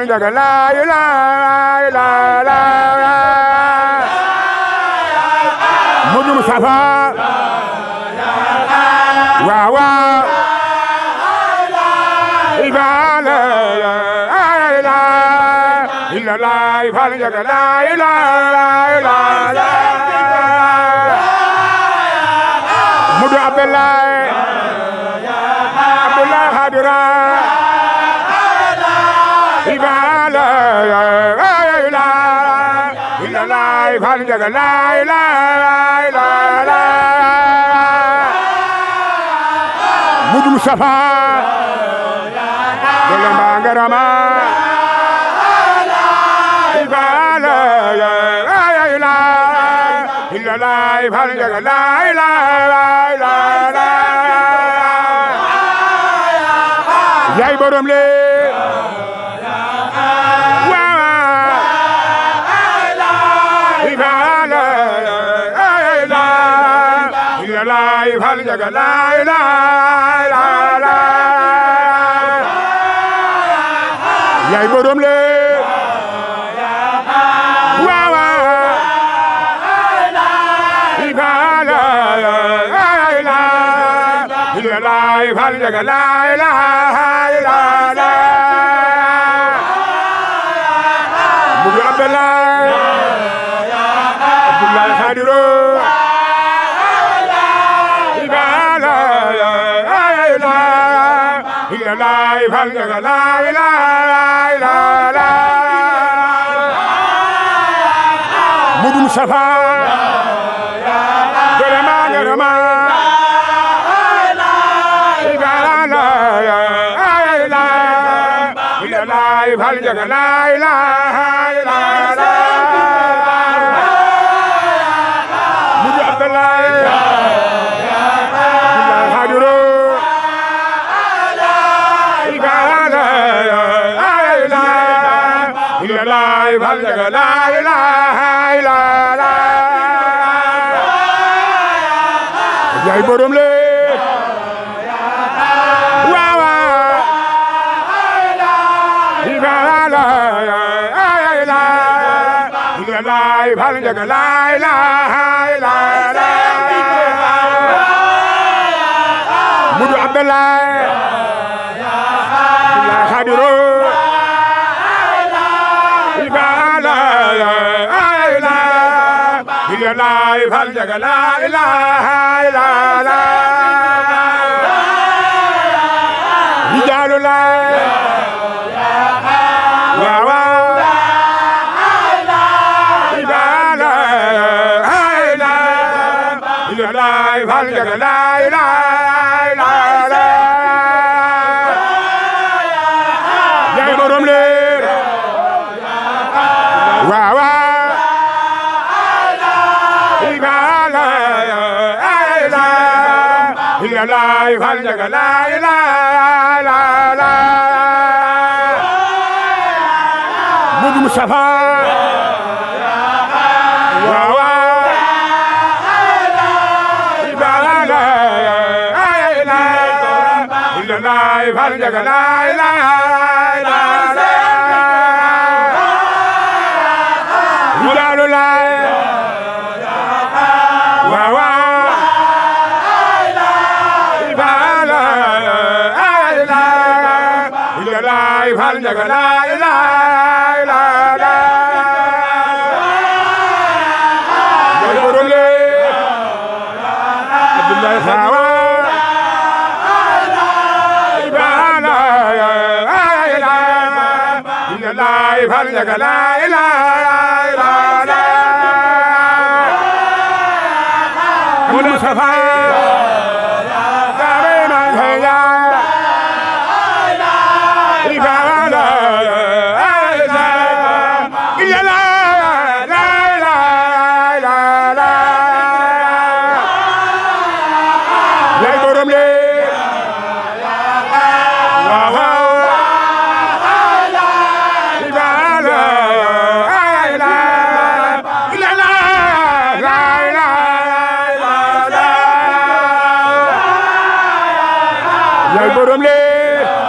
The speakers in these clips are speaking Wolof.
Fallou Ndiaga la ilaha illa la Modou Moustapha waaw waaw ibala illa la Fallou Ndiaga la ilaha illa la Modou Abdoulaye Malick Ndiaga laay laay laay laay Mudu Mustafa dolla mbangarama laay Malick Ndiaga laay laay laay laay yaay borom le Fallou Ndiaga la la la yaay borom le Fallou kum safa garama garama la la la la la la la la la la jaga laa ilaaha illallaah mudu abdallah la xadiro ibala la ilaha illallah fal jaga laa ilaaha jaga laay fal jaga laay laay laay laay Modou Moustapha waaw waaw laay fal jaga laay laay भाग जगला leen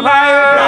bye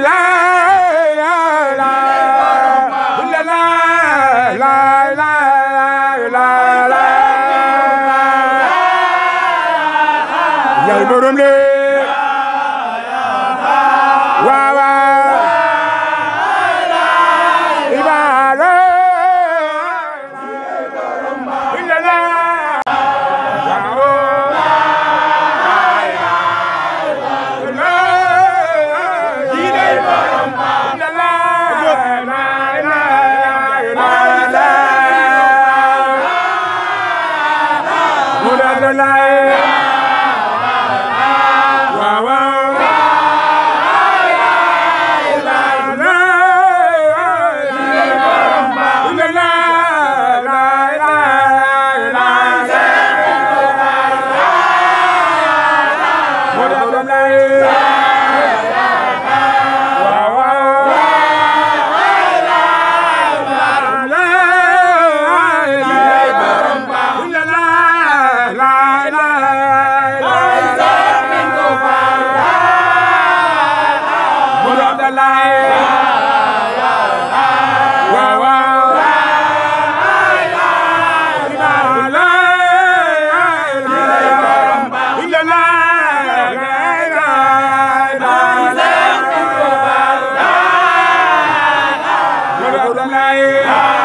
life. Hallelujah.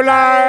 line.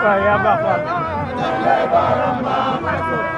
Vai, abafado. Vai, abafado.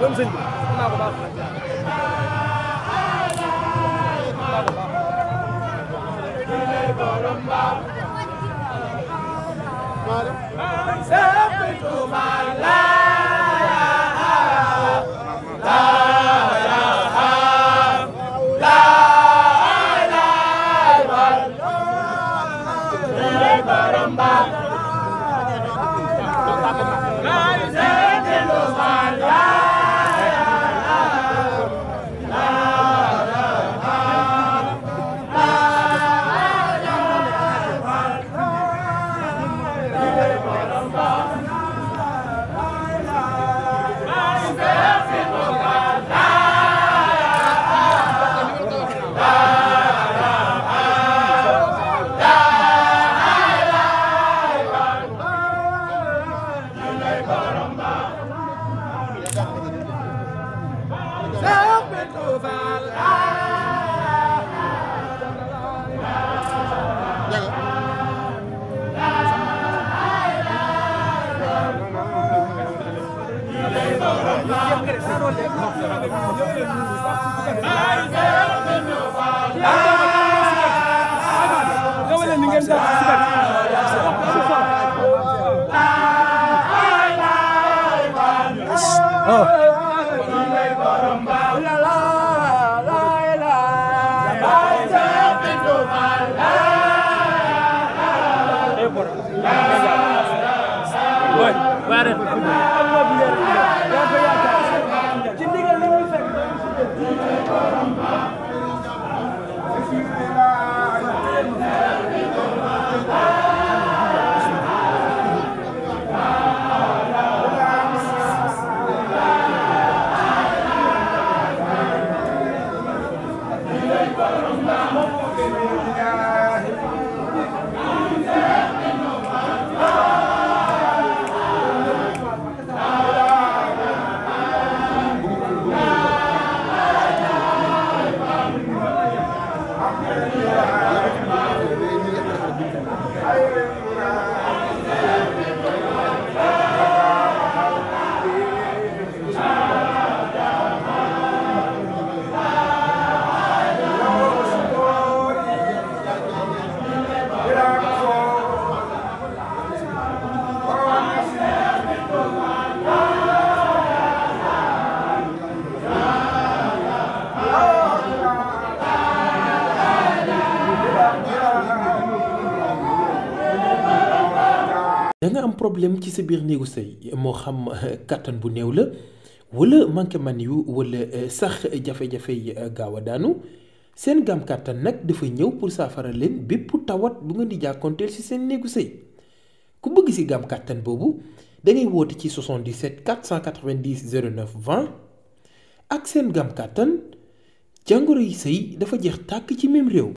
Vamos embora. Oh. यार जिंदगी problème ci sa biir néegu sëy moo xam kàttan bu néew la wala manqué man yu wala euh, sax jafe-jafe yi euh, gaaw a daanu seen gam kàttan nag dafa ñëw pour saafara leen bépp tawat bu ngeen di jàkkoonteel ci seen néegu sëy ku bëgg ci gam kàttan boobu da ngay woote ci 77 490 09 20 ak seen gam kàttan jàngoro yi sëy dafa jeex tàkk ci même réew.